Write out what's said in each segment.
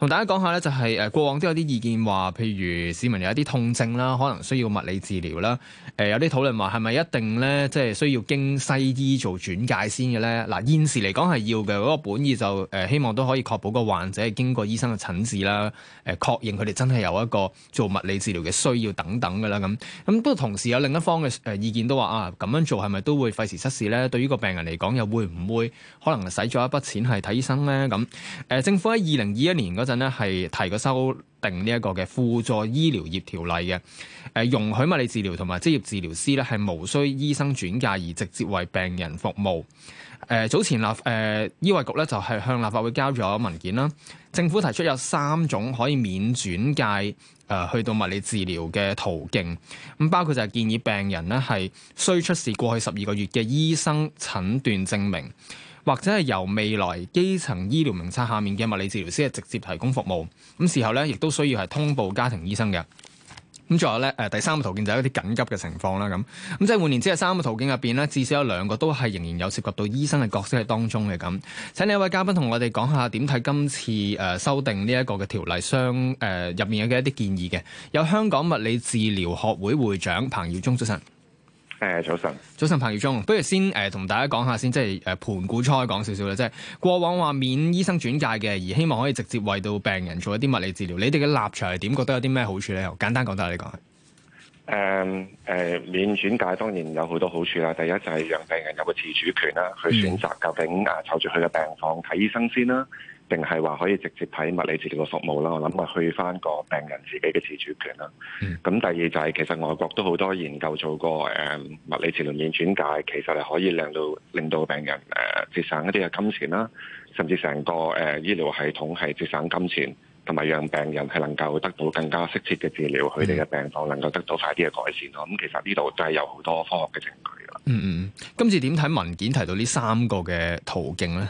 同大家講下咧，就係、是、誒過往都有啲意見話，譬如市民有一啲痛症啦，可能需要物理治療啦、呃。有啲討論話，係咪一定咧，即、就、係、是、需要經西醫做轉介先嘅咧？嗱，現時嚟講係要嘅，嗰個本意就、呃、希望都可以確保個患者係經過醫生嘅診治啦。誒、呃、確認佢哋真係有一個做物理治療嘅需要等等㗎啦。咁咁不過同時有另一方嘅意見都話啊，咁樣做係咪都會費時失事咧？對於個病人嚟講，又會唔會可能使咗一筆錢係睇醫生咧？咁、呃、政府喺二零二一年嗰咧係提過修訂呢一個嘅輔助醫療業條例嘅，誒容許物理治療同埋職業治療師咧係無需醫生轉介而直接為病人服務。誒早前立誒醫衛局咧就係向立法會交咗文件啦，政府提出有三種可以免轉介誒去到物理治療嘅途徑，咁包括就係建議病人呢係需出示過去十二個月嘅醫生診斷證明。或者係由未來基層醫療名冊下面嘅物理治療師係直接提供服務，咁時候咧亦都需要係通報家庭醫生嘅。咁仲有咧，誒第三個途徑就係一啲緊急嘅情況啦。咁咁即係換言之，三個途徑入邊咧，至少有兩個都係仍然有涉及到醫生嘅角色喺當中嘅。咁請你一位嘉賓同我哋講下點睇今次誒修訂呢一個嘅條例相誒入面嘅一啲建議嘅。有香港物理治療學會會，會長彭耀忠出陣。誒，早晨，早晨，彭耀宗，不如先誒同、呃、大家講下先，即係誒盤古初講少少啦，即係過往話免醫生轉介嘅，而希望可以直接為到病人做一啲物理治療。你哋嘅立場係點？覺得有啲咩好處咧？簡單講下你講。誒誒、呃呃，免轉介當然有好多好處啦。第一就係讓病人有個自主權啦，去選擇究竟啊湊住佢嘅病房睇醫生先啦。定係話可以直接睇物理治療嘅服務啦，我諗係去翻個病人自己嘅自主權啦。咁、嗯、第二就係、是、其實外國都好多研究做過，誒、嗯、物理治療免轉介其實係可以令到令到病人誒、呃、節省一啲嘅金錢啦，甚至成個誒、呃、醫療系統係節省金錢，同埋讓病人係能夠得到更加適切嘅治療，佢哋嘅病況能夠得到快啲嘅改善咯。咁其實呢度都係有好多科學嘅證據啦。嗯嗯，今次點睇文件提到呢三個嘅途徑咧？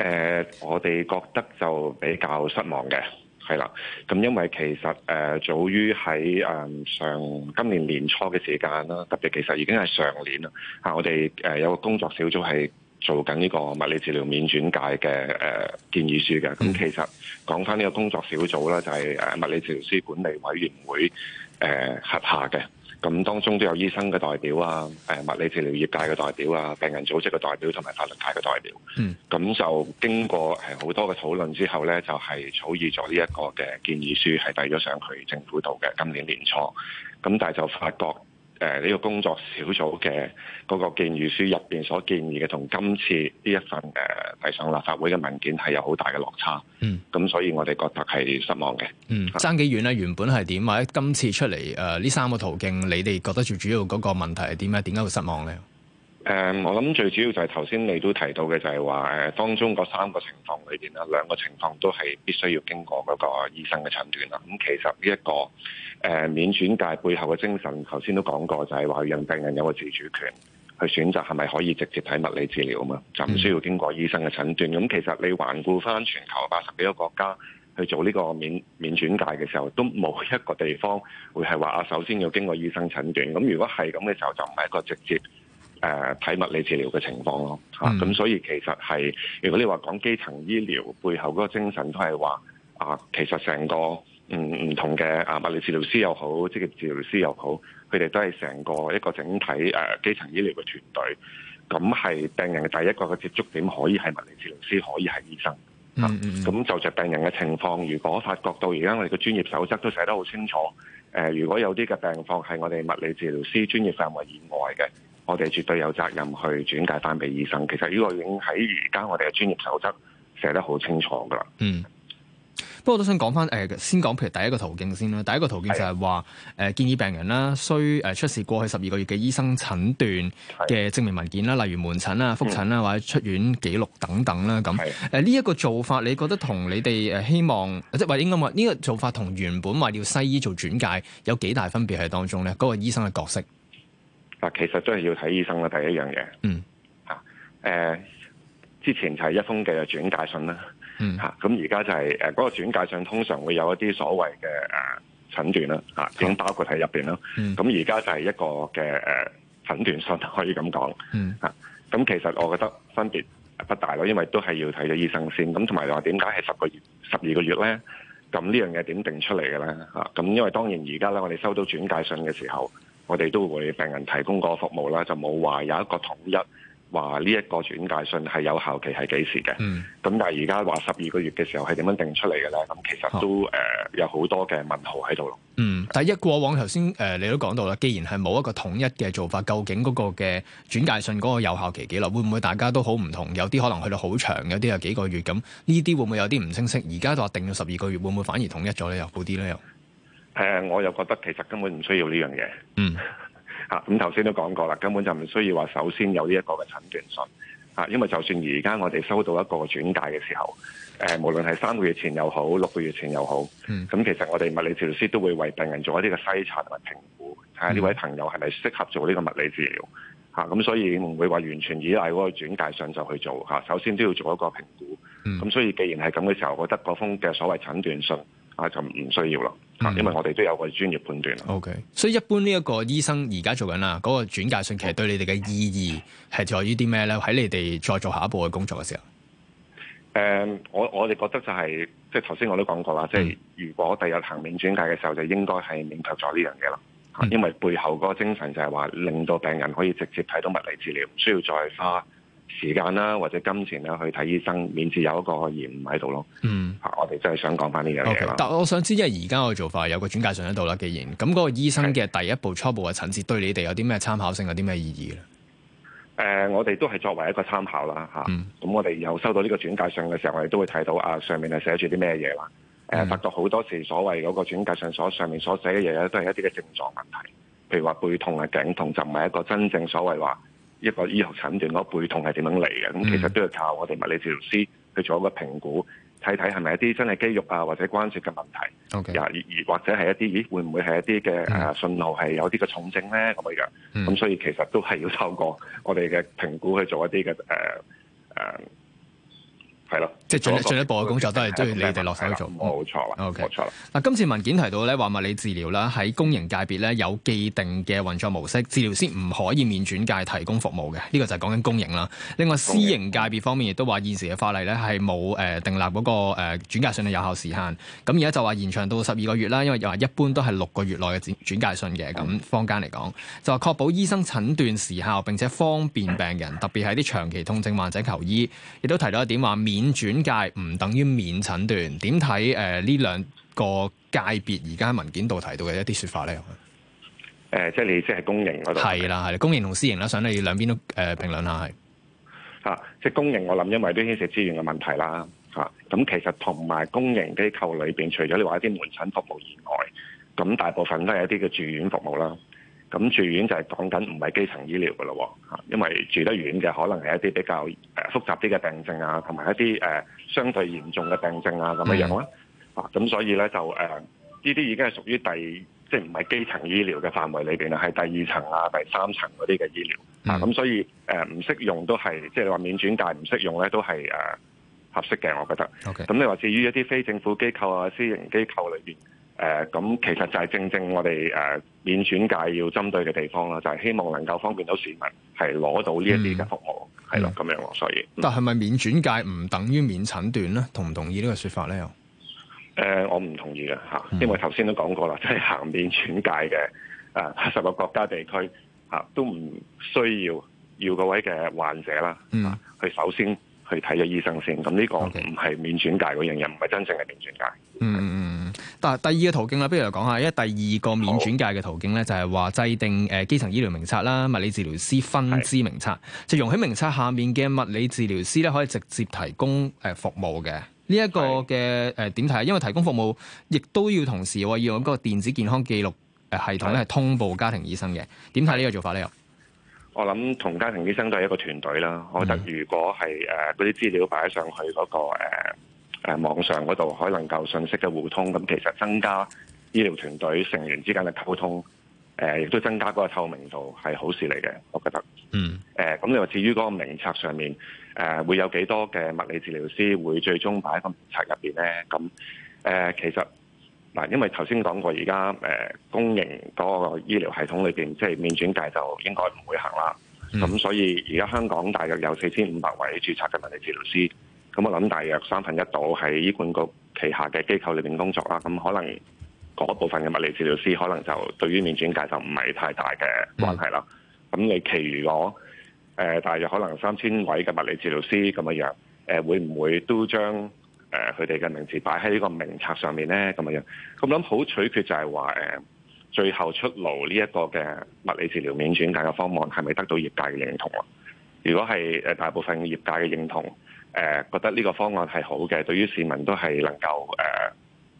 誒、呃，我哋覺得就比較失望嘅，係啦。咁因為其實誒、呃、早於喺誒上今年年初嘅時間啦，特別其實已經係上年啦。嚇、呃，我哋誒、呃、有個工作小組係做緊呢個物理治療免轉介嘅誒建議書嘅。咁、呃、其實講翻呢個工作小組咧，就係、是、誒物理治療師管理委員會誒、呃、轄下嘅。咁當中都有醫生嘅代表啊，誒物理治療業界嘅代表啊，病人組織嘅代，代表，同埋法律界嘅代表。嗯。咁就經過誒好多嘅討論之後咧，就係、是、草擬咗呢一個嘅建議書，係遞咗上去政府度嘅。今年年初，咁但係就發覺。誒呢、呃這個工作小組嘅嗰個建議書入邊所建議嘅，同今次呢一份誒遞上立法會嘅文件係有好大嘅落差。嗯，咁所以我哋覺得係失望嘅。嗯，爭幾遠咧？原本係點？或者今次出嚟誒呢三個途徑，你哋覺得最主要嗰個問題係點啊？點解會失望咧？誒、呃，我諗最主要就係頭先你都提到嘅，就係話誒當中嗰三個情況裏邊啦，兩個情況都係必須要經過嗰個醫生嘅診斷啦。咁、嗯、其實呢、這、一個。誒、呃、免轉介背後嘅精神，頭先都講過，就係話讓病人有個自主權去選擇，係咪可以直接睇物理治療嘛？就唔需要經過醫生嘅診斷。咁、嗯嗯、其實你環顧翻全球八十幾個國家去做呢個免免轉介嘅時候，都冇一個地方會係話啊，首先要經過醫生診斷。咁如果係咁嘅時候，就唔係一個直接誒睇、呃、物理治療嘅情況咯。咁、嗯啊、所以其實係，如果你話講基層醫療背後嗰個精神都是說，都係話啊，其實成個。唔唔、嗯、同嘅啊物理治療師又好，職業治療師又好，佢哋都係成個一個整體誒、呃、基層醫療嘅團隊。咁係病人嘅第一個嘅接觸點，可以係物理治療師，可以係醫生。咁、啊嗯嗯、就着病人嘅情況，如果發覺到而家我哋嘅專業守則都寫得好清楚。誒、呃，如果有啲嘅病況係我哋物理治療師專業範圍以外嘅，我哋絕對有責任去轉介翻俾醫生。其實呢個已經喺而家我哋嘅專業守則寫得好清楚㗎啦。嗯。不過都想講翻，誒，先講譬如第一個途徑先啦。第一個途徑就係話，誒是、呃，建議病人啦，需誒出示過去十二個月嘅醫生診斷嘅證明文件啦，是例如門診啦、複診啦或者出院記錄等等啦，咁。誒是，呢一、呃這個做法你覺得同你哋誒希望，即係話應該話呢、這個做法同原本話要西醫做轉介有幾大分別喺當中咧？嗰、那個醫生嘅角色？嗱，其實真係要睇醫生啦，第一樣嘢。嗯。吓、啊，誒、呃，之前就係一封嘅轉介信啦。嗯，咁而家就係、是、嗰、那個轉介信通常會有一啲所謂嘅誒診斷啦，嚇、oh. 已經包括喺入邊啦。咁而家就係一個嘅誒診斷信可以咁講。嗯咁、mm. 其實我覺得分別不大咯，因為都係要睇咗醫生先。咁同埋話點解係十個月、十二個月咧？咁呢樣嘢點定出嚟嘅咧？咁因為當然而家咧，我哋收到轉介信嘅時候，我哋都會病人提供個服務啦，就冇話有，有一個統一。話呢一個轉介信係有效期係幾時嘅？嗯，咁但係而家話十二個月嘅時候係點樣定出嚟嘅咧？咁其實都誒有好多嘅問號喺度咯。嗯，第一，過往頭先誒你都講到啦，既然係冇一個統一嘅做法，究竟嗰個嘅轉介信嗰個有效期幾耐？會唔會大家都好唔同？有啲可能去到好長，有啲有幾個月咁。呢啲會唔會有啲唔清晰？而家就話定咗十二個月，會唔會反而統一咗咧？又好啲咧？又誒，我又覺得其實根本唔需要呢樣嘢。嗯。咁頭先都講過啦，根本就唔需要話首先有呢一個嘅診斷信，因為就算而家我哋收到一個轉介嘅時候，無論係三個月前又好，六個月前又好，咁、嗯、其實我哋物理治療師都會為病人做一啲嘅篩查同埋評估，睇下呢位朋友係咪適合做呢個物理治療，咁所以唔會話完全依賴嗰個轉介信就去做，首先都要做一個評估，咁、嗯、所以既然係咁嘅時候，我覺得嗰封嘅所謂診斷信，就唔需要啦，因為我哋都有個專業判斷啦。O、okay. K，所以一般呢一個醫生而家做緊啦，嗰、嗰個轉介信其實對你哋嘅意義係在於啲咩咧？喺你哋再做下一步嘅工作嘅時候，誒、嗯，我我哋覺得就係即係頭先我都講過啦，即係、嗯、如果第日行免轉介嘅時候，就應該係免卻咗呢樣嘢啦，嗯、因為背後嗰個精神就係話令到病人可以直接睇到物理治療，唔需要再花。時間啦，或者金錢啦，去睇醫生，免至有一個疑問喺度咯。嗯，我哋真係想講翻呢樣嘢。但我想知，因為而家我嘅做法有個轉介信喺度啦。既然咁，嗰、那個醫生嘅第一步初步嘅診治，對你哋有啲咩參考性，有啲咩意義咧？誒、呃，我哋都係作為一個參考啦，嚇、啊。咁、嗯、我哋又收到呢個轉介信嘅時候，我哋都會睇到啊，上面係寫住啲咩嘢啦？誒、啊，發覺好多時所謂嗰個轉介信所上面所寫嘅嘢咧，都係一啲嘅症狀問題，譬如話背痛啊、頸痛，就唔係一個真正所謂話。一個醫學診斷嗰背痛係點樣嚟嘅？咁、嗯、其實都要靠我哋物理治療師去做一個評估，睇睇係咪一啲真係肌肉啊或者關節嘅問題。Okay。或者係一啲咦，會唔會係一啲嘅誒信號係有啲嘅重症咧咁樣。咁、嗯、所以其實都係要透過我哋嘅評估去做一啲嘅誒誒。呃呃係咯，對即係進一步嘅工作都係都要你哋落手去做，冇錯啦。冇錯啦 Okay.。嗱，今次文件提到咧話物理治療啦，喺公營界別咧有既定嘅運作模式，治療師唔可以免轉介提供服務嘅，呢、呢個就係講緊公營啦。另外，私營界別方面亦都話現時嘅法例咧係冇誒訂立嗰個誒轉介信嘅有效時限。咁而家就話延長到十二個月啦，因為又話一般都係六個月內嘅轉介信嘅。咁坊間嚟講就話確保醫生診斷時效，並且方便病人，特別係啲長期痛症患者求醫，亦都提到一點話免免轉介唔等於免診斷，點睇誒呢兩個界別而家文件度提到嘅一啲說法咧？誒、呃，即係你，即係公營度係啦，係公營同私營啦，想你要兩邊都誒、呃、評論下係吓、啊，即係公營我諗因為都牽涉資源嘅問題啦吓，咁、啊、其實同埋公營機構裏邊，除咗你話一啲門診服務以外，咁大部分都係一啲嘅住院服務啦。咁住院就係講緊唔係基層醫療嘅咯，嚇，因為住得遠嘅可能係一啲比較誒、呃、複雜啲嘅病症啊，同埋一啲誒、呃、相對嚴重嘅病症啊咁嘅樣啦，嗯、啊，咁所以咧就誒呢啲已經係屬於第即係唔係基層醫療嘅範圍裏邊啦，係第二層啊、第三層嗰啲嘅醫療啊咁、嗯啊、所以誒唔識用都係即係你話免轉介唔識用咧都係誒、呃、合適嘅，我覺得。咁 Okay. 你話至於一啲非政府機構啊、私營機構裏邊？誒，咁、呃、其實就係正正我哋誒免轉介要針對嘅地方咯，就係、是、希望能夠方便到市民係攞到呢一啲嘅服務，係咯咁樣咯。所以，但係咪免轉介唔等於免診斷咧？同唔同意呢個說法咧？誒、呃，我唔同意嘅吓，因為頭先都講過啦，即係行免轉介嘅誒十個國家地區吓、呃、都唔需要要嗰位嘅患者啦，嗯、啊，去、呃、首先去睇咗醫生先。咁呢個唔係免轉介嗰樣嘢，唔係、嗯、真正嘅免轉介。嗯嗯。但第二個途徑咧，不如嚟講下，因為第二個免轉介嘅途徑咧，就係話制定誒基層醫療名冊啦，物理治療師分支名冊，是就容許名冊下面嘅物理治療師咧，可以直接提供誒服務嘅。呢、這、一個嘅誒點睇？因為提供服務，亦都要同時要用嗰個電子健康記錄誒系統咧，係通報家庭醫生嘅。點睇呢個做法咧？又我諗同家庭醫生都係一個團隊啦。我覺得如果係誒嗰啲資料擺上去嗰、那個、呃誒網上嗰度可能夠信息嘅互通，咁其實增加醫療團隊成員之間嘅溝通，誒亦都增加嗰個透明度係好事嚟嘅，我覺得。嗯。誒，咁你話至於嗰個名冊上面，誒會有幾多嘅物理治療師會最終擺喺個名冊入邊咧？咁誒，其實嗱，因為頭先講過現在，而家誒公營嗰個醫療系統裏邊，即係免轉介就應該唔會行啦。咁，mm. 所以而家香港大約有四千五百位註冊嘅物理治療師。咁我諗大約三分一到喺醫管局旗下嘅機構裏面工作啦，咁可能嗰部分嘅物理治療師可能就對於免轉介就唔係太大嘅關係啦。咁、嗯、你其餘如果、呃、大約可能三千位嘅物理治療師咁樣樣、呃、會唔會都將佢哋嘅名字擺喺呢個名冊上面咧？咁樣咁諗好取決就係話、呃、最後出爐呢一個嘅物理治療免轉介嘅方案係咪得到業界嘅認同啦？如果係大部分業界嘅認同。誒、呃、覺得呢個方案係好嘅，對於市民都係能夠誒嘅、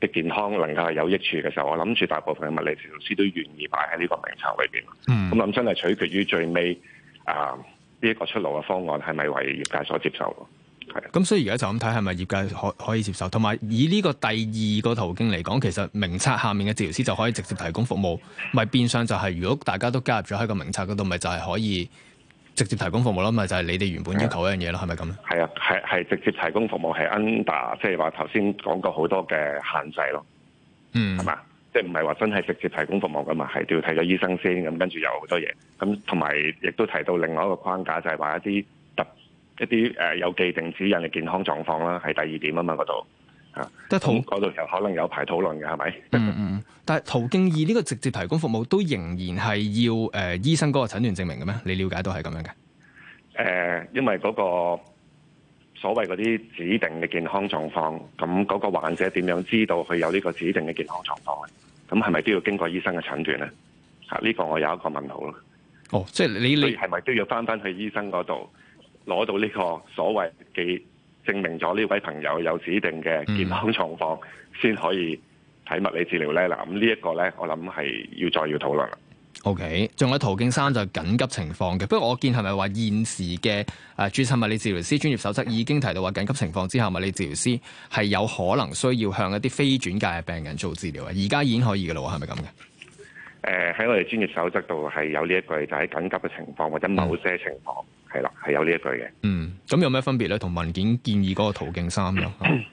呃、健康能夠係有益處嘅時候，我諗住大部分嘅物理治療師都願意擺喺呢個名冊裏邊。咁諗、嗯、真係取決於最尾啊呢一個出爐嘅方案係咪為業界所接受？係。咁、嗯、所以而家就咁睇係咪業界可可以接受？同埋以呢個第二個途徑嚟講，其實名冊下面嘅治療師就可以直接提供服務，咪變相就係如果大家都加入咗喺個名冊嗰度，咪就係可以。直接提供服務啦，咪就係、是、你哋原本要求的一樣嘢啦，係咪咁咧？係啊，係係直接提供服務係 under，即係話頭先講過好多嘅限制咯。嗯，係嘛？即係唔係話真係直接提供服務噶嘛？係要睇咗醫生先，咁跟住有好多嘢。咁同埋亦都提到另外一個框架，就係、是、話一啲特一啲誒有既定指引嘅健康狀況啦，係第二點啊嘛嗰度。啊，都度、嗯，論可能有排討論嘅係咪？嗯嗯，但係條建議呢個直接提供服務都仍然係要誒、呃、醫生嗰個診斷證明嘅咩？你了解到係咁樣嘅？誒、呃，因為嗰個所謂嗰啲指定嘅健康狀況，咁嗰個患者點樣知道佢有呢個指定嘅健康狀況嘅？咁係咪都要經過醫生嘅診斷咧？啊，呢、這個我有一個問號咯。哦，即係你你係咪都要返返去醫生嗰度攞到呢個所謂嘅？證明咗呢位朋友有指定嘅健康狀況，先可以睇物理治療呢。嗱、嗯，咁呢一個呢，我諗係要再要討論啦。OK，仲有途徑三就係緊急情況嘅。不過我見係咪話現時嘅誒註冊物理治療師專業守則已經提到話緊急情況之下，物理治療師係有可能需要向一啲非轉介嘅病人做治療啊？而家已經可以嘅啦，係咪咁嘅？誒喺、呃、我哋專業守則度係有呢一句，就喺、是、緊急嘅情況或者某些情況係啦，係、嗯、有呢一句嘅。嗯，咁有咩分別咧？同文件建議嗰個途徑三樣、嗯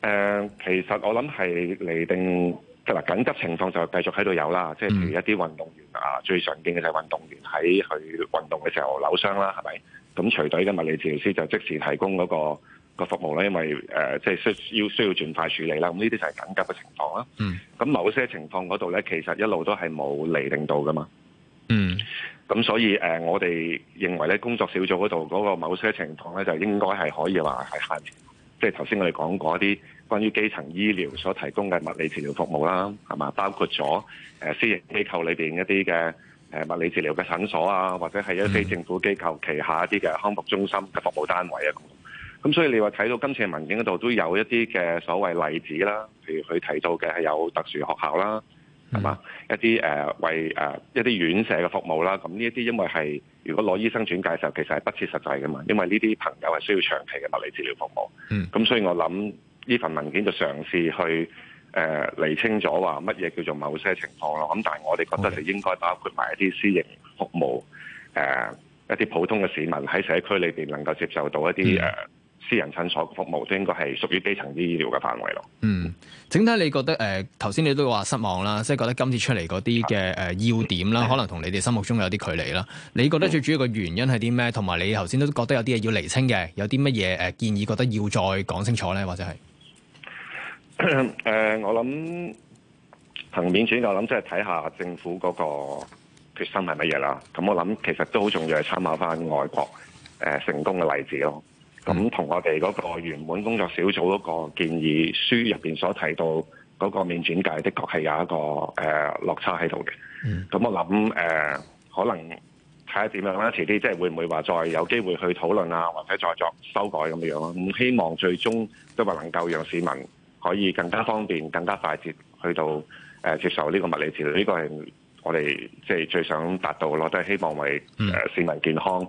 呃？其實我諗係嚟定嗱緊急情況就繼續喺度有啦，即係譬如一啲運動員、嗯、啊，最常見嘅就係運動員喺去運動嘅時候扭傷啦，係咪？咁隨隊嘅物理治療師就即時提供嗰、那個。個服務咧，因為誒，即、呃、係需要需要盡快處理啦。咁呢啲就係緊急嘅情況啦。嗯。咁某些情況嗰度咧，其實一路都係冇釐定到噶嘛。嗯。咁所以誒、呃，我哋認為咧，工作小組嗰度嗰個某些情況咧，就應該係可以話係限，即係頭先我哋講過一啲關於基層醫療所提供嘅物理治療服務啦，係嘛？包括咗誒、呃、私營機構裏邊一啲嘅誒物理治療嘅診所啊，或者係一啲政府機構旗下一啲嘅康復中心嘅服務單位啊。嗯嗯。咁、嗯、所以你話睇到今次嘅文件嗰度都有一啲嘅所謂例子啦，譬如佢提到嘅係有特殊學校啦，係嘛、mm. 一啲誒、呃、為誒、呃、一啲院舍嘅服務啦。咁呢一啲因為係如果攞醫生轉介嘅時候，其實係不切實際㗎嘛，因為呢啲朋友係需要長期嘅物理治療服務。Mm. 嗯。咁所以我諗呢份文件就嘗試去誒釐、呃、清咗話乜嘢叫做某些情況咯。咁但係我哋覺得係應該包括埋一啲私營服務誒 Okay.、呃、一啲普通嘅市民喺社區裏面能夠接受到一啲私人診所服務都應該係屬於基層醫療嘅範圍咯。嗯，整體你覺得誒頭先你都話失望啦，即係覺得今次出嚟嗰啲嘅誒要點啦，可能同你哋心目中有啲距離啦。你覺得最主要嘅原因係啲咩？同埋、嗯、你頭先都覺得有啲嘢要釐清嘅，有啲乜嘢誒建議覺得要再講清楚咧，或者係誒、呃、我諗憑面展，我諗即係睇下政府嗰個決心係乜嘢啦。咁我諗其實都好重要係參考翻外國誒、呃、成功嘅例子咯。咁同、嗯、我哋嗰個原本工作小組嗰個建議書入邊所提到嗰個免轉介的確係有一個誒、呃、落差喺度嘅。咁、嗯、我諗誒、呃、可能睇下點樣啦，遲啲即係會唔會話再有機會去討論啊，或者再作修改咁樣樣咯。咁希望最終都話能夠讓市民可以更加方便、更加快捷去到誒、呃、接受呢個物理治療呢、呢個係我哋即係最想達到咯，都係希望為誒、呃、市民健康。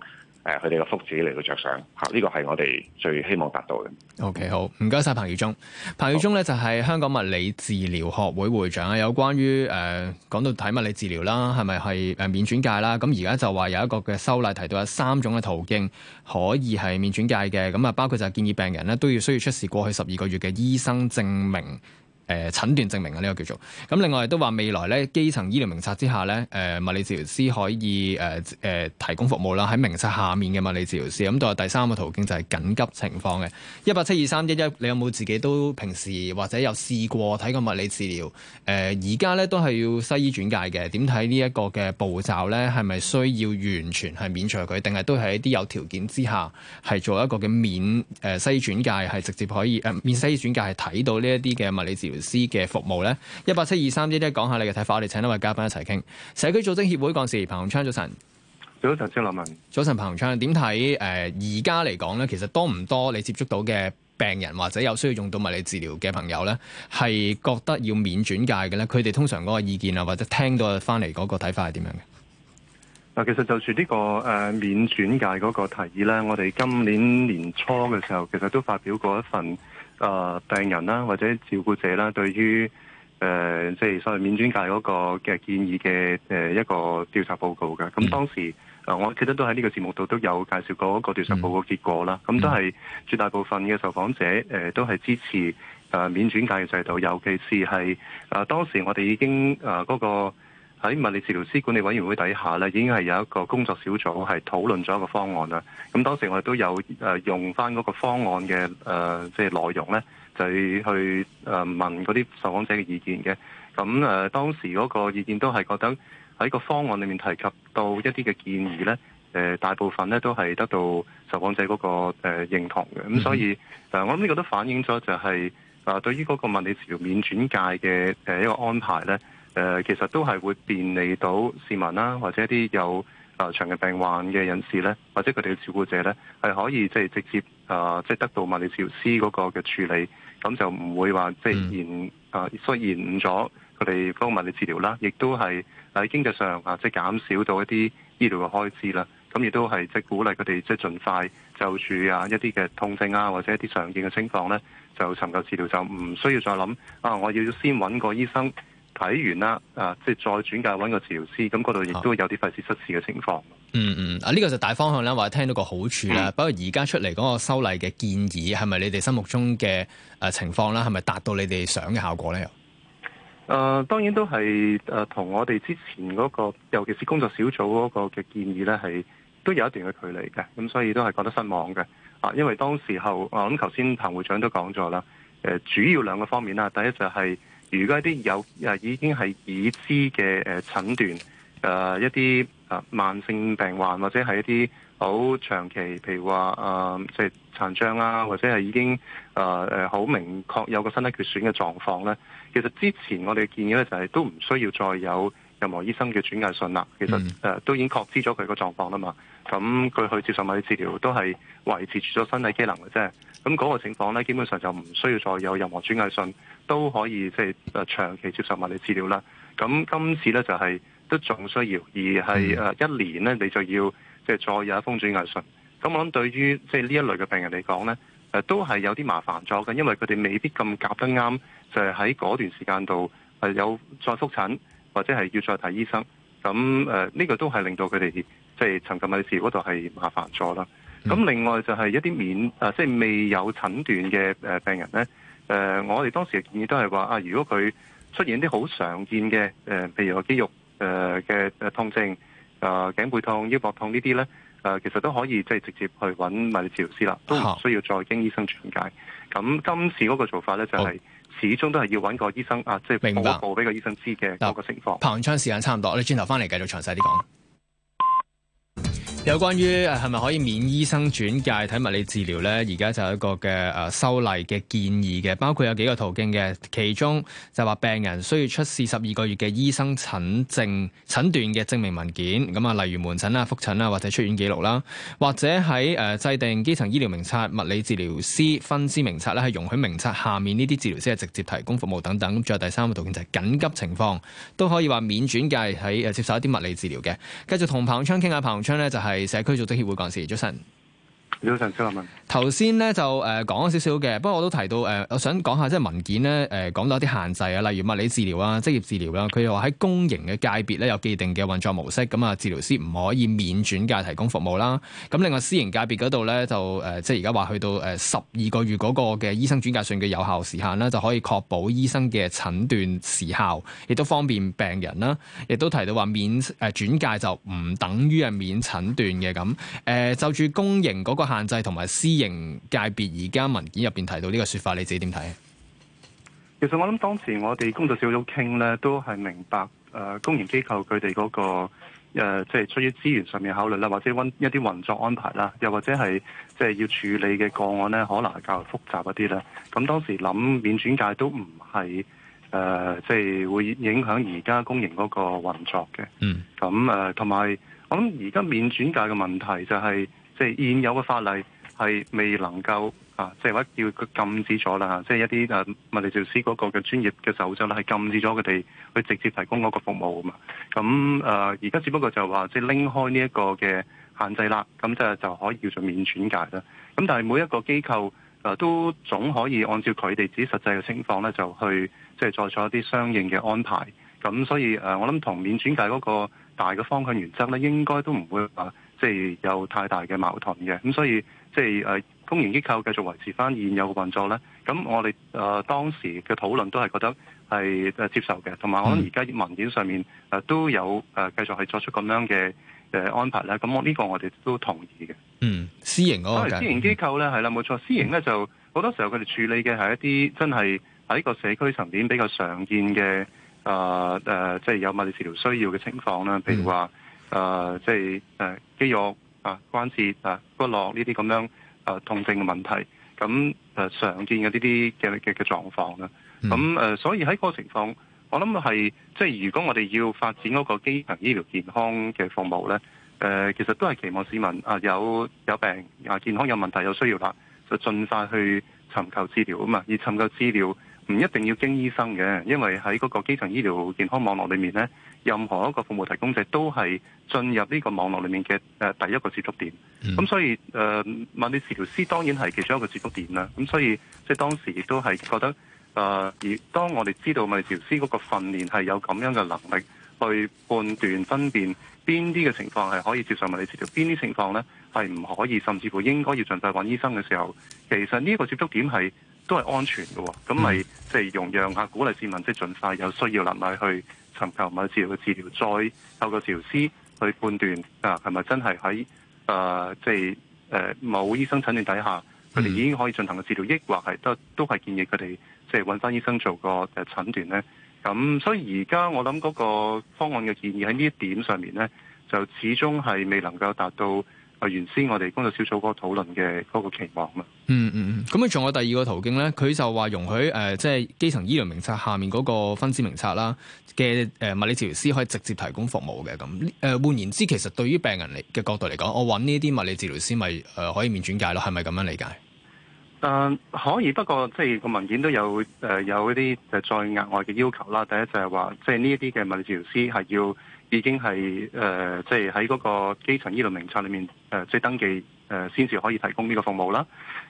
誒佢哋嘅福祉嚟到着想嚇，呢個係我哋最希望達到嘅。OK，好，唔該晒。彭耀宗，彭耀宗咧就係香港物理治療學會會長啊，好有關於誒、呃、講到睇物理治療啦，係咪係誒免轉介啦？咁而家就話有一個嘅修例，提到有三種嘅途徑可以係免轉介嘅，咁啊包括就係建議病人咧都要需要出示過去十二個月嘅醫生證明。誒診斷證明啊，呢、這個叫做咁。另外都話未來咧，基層醫療名冊之下咧、呃，物理治療師可以、呃呃、提供服務啦。喺名冊下面嘅物理治療師，咁、嗯、就第三個途徑就係緊急情況嘅一八七二三一一。2, 3, 1, 1, 你有冇自己都平時或者有試過睇過物理治療？而家咧都係要西醫轉介嘅。點睇呢一個嘅步驟咧，係咪需要完全係免除佢，定係都係一啲有條件之下係做一個嘅免、呃、西醫轉介，係直接可以、呃、面免西醫轉介係睇到呢一啲嘅物理治療？師嘅服務咧，呢一八七二三一一講下你嘅睇法，我哋請一位嘉賓一齊傾。社區組織協會幹事彭鴻昌早晨，早,早晨張立文，早晨彭鴻昌，點睇？誒、呃，而家嚟講咧，其實多唔多你接觸到嘅病人或者有需要用到物理治療嘅朋友咧，係覺得要免轉介嘅咧？佢哋通常嗰個意見啊，或者聽到翻嚟嗰個睇法係點樣嘅？嗱，其實就住呢、這個誒、呃、免轉介嗰個提議咧，我哋今年年初嘅時候，其實都發表過一份。啊！病人啦，或者照顧者啦，對於誒即係所謂免轉介嗰個嘅建議嘅誒一個調查報告嘅。咁當時啊，我記得都喺呢個節目度都有介紹過一個調查報告結果啦。咁都係絕大部分嘅受訪者誒都係支持啊免轉介嘅制度，尤其是係啊當時我哋已經啊、那、嗰個。喺物理治療師管理委員會底下咧，已經係有一個工作小組係討論咗一個方案啦。咁當時我哋都有誒用翻嗰個方案嘅誒，即、呃、係、就係、內容咧，就係、去誒問嗰啲受訪者嘅意見嘅。咁誒當時嗰個意見都係覺得喺個方案裡面提及到一啲嘅建議咧，誒、呃、大部分咧都係得到受訪者嗰個誒認同嘅。咁所以誒、呃，我諗呢個都反映咗就係、係、誒、呃、對於嗰個物理治療免轉介嘅誒一個安排咧。誒，其實都係會便利到市民啦，或者一啲有啊長期病患嘅人士咧，或者佢哋嘅照顧者咧，係可以即係直接啊、呃，即係得到物理治療師嗰個嘅處理，咁就唔會話即係延啊，雖然誤咗佢哋嗰個物理治療啦，亦都係喺經濟上啊，即係減少到一啲醫療嘅開支啦。咁亦都係即係鼓勵佢哋即係儘快就處啊一啲嘅痛症啊，或者一啲常見嘅情況咧，就尋求治療，就唔需要再諗啊，我要先揾個醫生。睇完啦，啊，即係再轉介揾個治療師，咁嗰度亦都有啲費事失事嘅情況。嗯嗯，啊，呢、這個就是大方向啦，或者聽到個好處啦。不過而家出嚟嗰個修例嘅建議係咪你哋心目中嘅誒、啊、情況啦，係咪達到你哋想嘅效果咧？誒、啊，當然都係誒，同、啊、我哋之前嗰、那個，尤其是工作小組嗰個嘅建議咧，係都有一段嘅距離嘅。咁、啊、所以都係覺得失望嘅。啊，因為當時候啊，咁頭先彭會長都講咗啦，誒、啊，主要兩個方面啦，第一就係、是。如果一啲有誒已經係已知嘅誒診斷，一啲、呃、慢性病患或者係一啲好長期，譬如話誒即係殘障啊，或者係已經誒好、呃呃、明確有個身體缺損嘅狀況咧，其實之前我哋建議咧就係都唔需要再有任何醫生嘅轉介信啦。其實誒、嗯呃、都已經確知咗佢個狀況啦嘛，咁佢去接受埋啲治療都係維持住咗身體機能嘅啫。咁、那、嗰個情況咧，基本上就唔需要再有任何轉介信。都可以即係誒長期接受物理治療啦。咁今次咧就係都仲需要，而係一年咧你就要即係再有一封轉介書。咁我諗對於即係呢一類嘅病人嚟講咧，都係有啲麻煩咗嘅，因為佢哋未必咁夾得啱，就係喺嗰段時間度有再復診或者係要再睇醫生。咁呢個都係令到佢哋即係尋求物理治療嗰度係麻煩咗啦。咁另外就係一啲免即係、就是、未有診斷嘅病人咧。誒、呃，我哋當時嘅建議都係話啊，如果佢出現啲好常見嘅誒，譬、呃、如個肌肉誒嘅誒痛症，啊、呃，頸背痛、腰膊痛呢啲咧，誒、呃，其實都可以即係直接去揾物理治療師啦，都唔需要再經醫生轉介。咁今次嗰個做法咧、就是，就係好始終都係要揾個醫生啊，即係報告俾個醫生知嘅各個情況。彭昌時間差唔多，我哋轉頭翻嚟繼續詳細啲講。有關於係咪可以免醫生轉介睇物理治療呢？而家就有一個嘅修例嘅建議嘅，包括有幾個途徑嘅，其中就話病人需要出示十二個月嘅醫生診證診斷嘅證明文件，咁啊，例如門診啦、覆診或者出院記錄啦，或者喺制定基層醫療名冊物理治療師分支名冊啦，係容許名冊下面呢啲治療師係直接提供服務等等。咁再有第三個途徑就係緊急情況都可以話免轉介喺接受一啲物理治療嘅。繼續同彭昌傾下，彭昌呢就係、是。社區組織協會幹事，早晨。你好，彭生文。頭先咧就誒、呃、講咗少少嘅，不過我都提到誒、呃，我想講一下即係文件咧誒、呃、講到一啲限制啊，例如物理治療啊、職業治療啦，佢又話喺公營嘅界別咧有既定嘅運作模式，咁啊治療師唔可以免轉介提供服務啦。咁另外私營界別嗰度咧就誒、呃、即係而家話去到誒十二個月嗰個嘅醫生轉介信嘅有效時限啦，就可以確保醫生嘅診斷時效，亦都方便病人啦。亦都提到話免誒、呃、轉介就唔等於係免診斷嘅咁。誒、呃、就住公營個限制同埋私營界別而家文件入邊提到呢個說法，你自己點睇？其實我諗當時我哋工作小組傾呢，都係明白誒、呃，公營機構佢哋嗰個誒，即、呃、係、就是、出於資源上面考慮啦，或者搵一啲運作安排啦，又或者係即係要處理嘅個案呢，可能係較複雜一啲啦。咁當時諗免轉介都唔係誒，即、呃、係、就是、會影響而家公營嗰個運作嘅。嗯。咁誒，同、呃、埋我諗而家免轉介嘅問題就係、是。即係現有嘅法例係未能夠啊，即係話叫佢禁止咗啦，即係一啲啊物理治療師嗰個嘅專業嘅手續啦，係禁止咗佢哋去直接提供嗰個服務啊嘛。咁誒而家只不過就話即係拎開呢一個嘅限制啦，咁就就可以叫做免轉介啦。咁但係每一個機構誒、呃、都總可以按照佢哋自己實際嘅情況咧，就去即係再做一啲相應嘅安排。咁所以誒、呃，我諗同免轉介嗰個大嘅方向原則咧，應該都唔會話。即係有太大嘅矛盾嘅，咁所以即係誒公營機構繼續維持翻現有嘅運作咧，咁我哋誒、呃、當時嘅討論都係覺得係誒接受嘅，同埋可能而家文件上面誒都有誒、呃、繼續係作出咁樣嘅誒安排咧，咁我呢個我哋都同意嘅。嗯，私營嗰個緊。私營機構咧係啦冇錯，私營咧就好多時候佢哋處理嘅係一啲真係喺個社區層面比較常見嘅誒誒，即係有物理治療需要嘅情況啦，譬如話誒、呃、即係誒。呃肌肉啊、關節啊、骨骼呢啲咁樣啊痛症嘅問題，咁啊常見嘅呢啲嘅嘅嘅狀況啦。咁誒、啊，所以喺個情況，我諗係即係如果我哋要發展嗰個基層醫療健康嘅服務咧，誒、啊、其實都係期望市民啊有有病啊健康有問題有需要啦，就盡快去尋求治療啊嘛，而尋求治療。唔一定要經醫生嘅，因為喺嗰個基層醫療健康網絡裏面呢，任何一個服務提供者都係進入呢個網絡裏面嘅第一個接觸點。咁、mm hmm. 所以誒物理治療師當然係其中一個接觸點啦。咁所以即係、就是、當時亦都係覺得誒，而、呃、當我哋知道物理治療師嗰個訓練係有咁樣嘅能力去判斷分辨邊啲嘅情況係可以接受物理治療，邊啲情況呢係唔可以，甚至乎應該要盡快揾醫生嘅時候，其實呢個接觸點係，都係安全嘅，咁咪即係容讓下，鼓勵市民即係儘快有需要能埋去尋求某治療嘅治療，再透過治療師去判斷啊，係咪真係喺誒即係誒冇醫生診斷底下佢哋已經可以進行嘅治療，抑或係都都係建議佢哋即係搵翻醫生做個誒診斷咧？咁所以而家我諗嗰個方案嘅建議喺呢一點上面咧，就始終係未能夠達到。啊！原先我哋工作小組嗰個討論嘅嗰個期望啦嗯嗯嗯。咁佢仲有第二個途徑咧，佢就話容許即係、呃就是、基層醫療名冊下面嗰個分支名冊啦嘅物理治療師可以直接提供服務嘅咁。誒、呃、換言之，其實對於病人嚟嘅角度嚟講，我揾呢啲物理治療師咪、就是呃、可以免轉介咯，係咪咁樣理解？但、呃、可以，不過即係個文件都有、呃、有一啲再額外嘅要求啦。第一就係話，即係呢一啲嘅物理治療師係要。已經係誒，即係喺嗰個基層醫療名冊裏面誒，即、呃、係、就是、登記誒，先、呃、至可以提供呢個服務啦。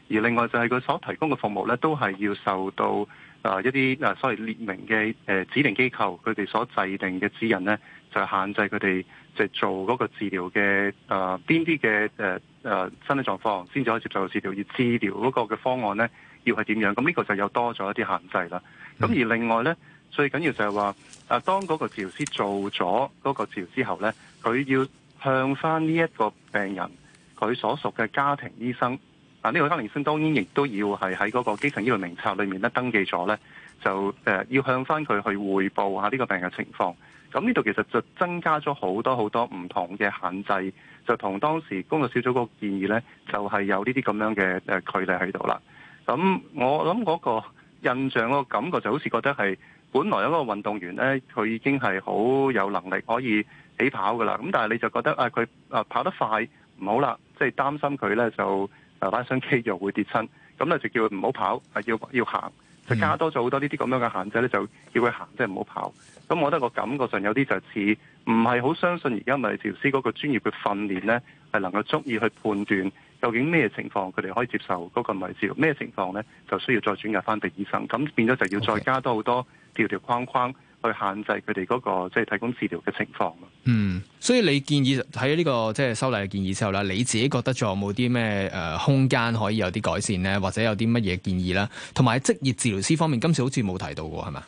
而另外就係佢所提供嘅服務咧，都係要受到啊、呃、一啲啊所謂列明嘅誒、呃、指定機構，佢哋所制定嘅指引咧，就限制佢哋即係做嗰個治療嘅啊邊啲嘅誒誒身體狀況先至可以接受治療。而治療嗰個嘅方案咧，要係點樣？咁、嗯、呢、這個就又多咗一啲限制啦。咁、嗯、而另外咧。最緊要就係話，啊，當嗰個治療師做咗嗰個治療之後呢，佢要向翻呢一個病人，佢所屬嘅家庭醫生，啊，呢個家庭醫生當然亦都要係喺嗰個基層醫療名冊裏面咧登記咗呢，就誒要向翻佢去匯報一下呢個病人嘅情況。咁呢度其實就增加咗好多好多唔同嘅限制，就同當時工作小組嗰個建議呢，就係有呢啲咁樣嘅誒距離喺度啦。咁我諗嗰個印象嗰個感覺就好似覺得係。本來有個運動員呢，佢已經係好有能力可以起跑噶啦，咁但係你就覺得啊，佢啊跑得快唔好啦，即係擔心佢呢就啊拉傷肌肉會跌親，咁咧就叫佢唔好跑，啊、要要行，就加多咗好多呢啲咁樣嘅限制呢，就叫佢行，即係唔好跑。咁我覺得個感覺上有啲就似唔係好相信而家物理治療師嗰個專業嘅訓練呢，係能夠足以去判斷究竟咩情況佢哋可以接受嗰個物理治療，咩情況呢就需要再轉介返畀醫生。咁變咗就要再加多好多。Okay. 條條框框去限制佢哋嗰個即係提供治療嘅情況。嗯，所以你建議喺呢、這個即係修例嘅建議之後啦，你自己覺得仲有冇啲咩誒空間可以有啲改善呢？或者有啲乜嘢建議啦？同埋喺職業治療師方面，今次好似冇提到嘅係咪？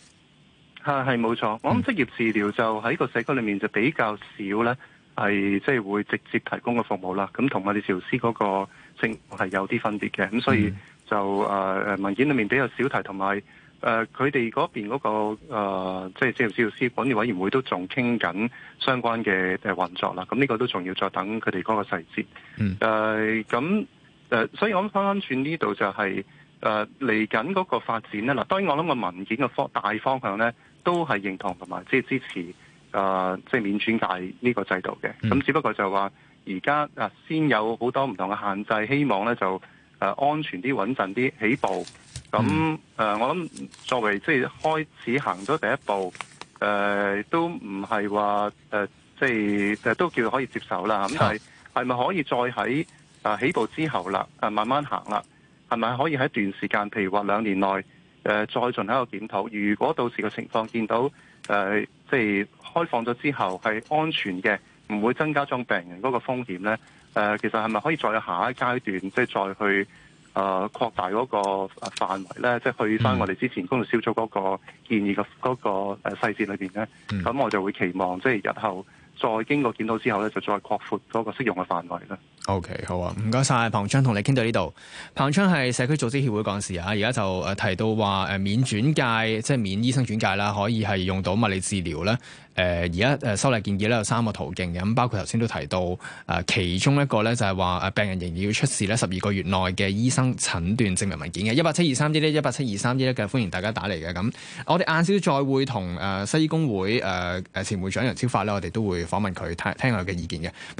啊，係冇錯，我諗職業治療就喺個社區裏面就比較少咧，係即係會直接提供個服務啦。咁同我哋治療師嗰個性係有啲分別嘅。咁、嗯、所以就誒誒、呃、文件裏面比較少提，同埋。誒，佢哋嗰邊嗰、那個誒、呃，即係職業治療師管理委員會都仲傾緊相關嘅誒運作啦。咁呢個都仲要再等佢哋嗰個細節。誒、嗯，咁誒、呃呃，所以我翻返轉呢度就係誒嚟緊嗰個發展啦。嗱，當然我諗個文件嘅方大方向咧，都係認同同埋即係支持誒，即係免轉介呢個制度嘅。咁、嗯、只不過就話而家啊，先有好多唔同嘅限制，希望咧就誒安全啲、穩陣啲起步。咁誒那、嗯呃，我諗作為即係開始行咗第一步，誒、呃、都唔係話誒，即係都叫可以接受啦。咁但係係咪可以再喺、啊、起步之後啦、啊，慢慢行啦？係咪可以喺段時間，譬如話兩年內誒、呃、再進行一個檢討？如果到時個情況見到誒，即、呃、係、就是、開放咗之後係安全嘅，唔會增加咗病人嗰個風險咧？誒、呃，其實係咪可以再下一階段，即係再去？誒擴、呃、大嗰個範圍咧，即係去翻我哋之前公眾小組嗰個建議嘅嗰個誒細節裏邊咧，咁、嗯、我就會期望即係日後再經過檢討之後咧，就再擴闊嗰個適用嘅範圍啦。OK，好啊，唔該晒。彭鴻昌，同你傾到呢度。彭鴻昌係社區組織協會幹事啊，而家就提到話免轉介，即、就、係、是、免醫生轉介啦，可以係用到物理治療啦誒而家誒修例建議咧有三個途徑嘅，咁包括頭先都提到誒其中一個咧就係話誒病人仍然要出示咧十二個月內嘅醫生診斷證明文件嘅，一八七二三一咧，一八七二三一咧嘅歡迎大家打嚟嘅，咁我哋晏少再會同誒西醫公會誒誒、呃、前會長楊超發咧，我哋都會訪問佢聽聽佢嘅意見嘅。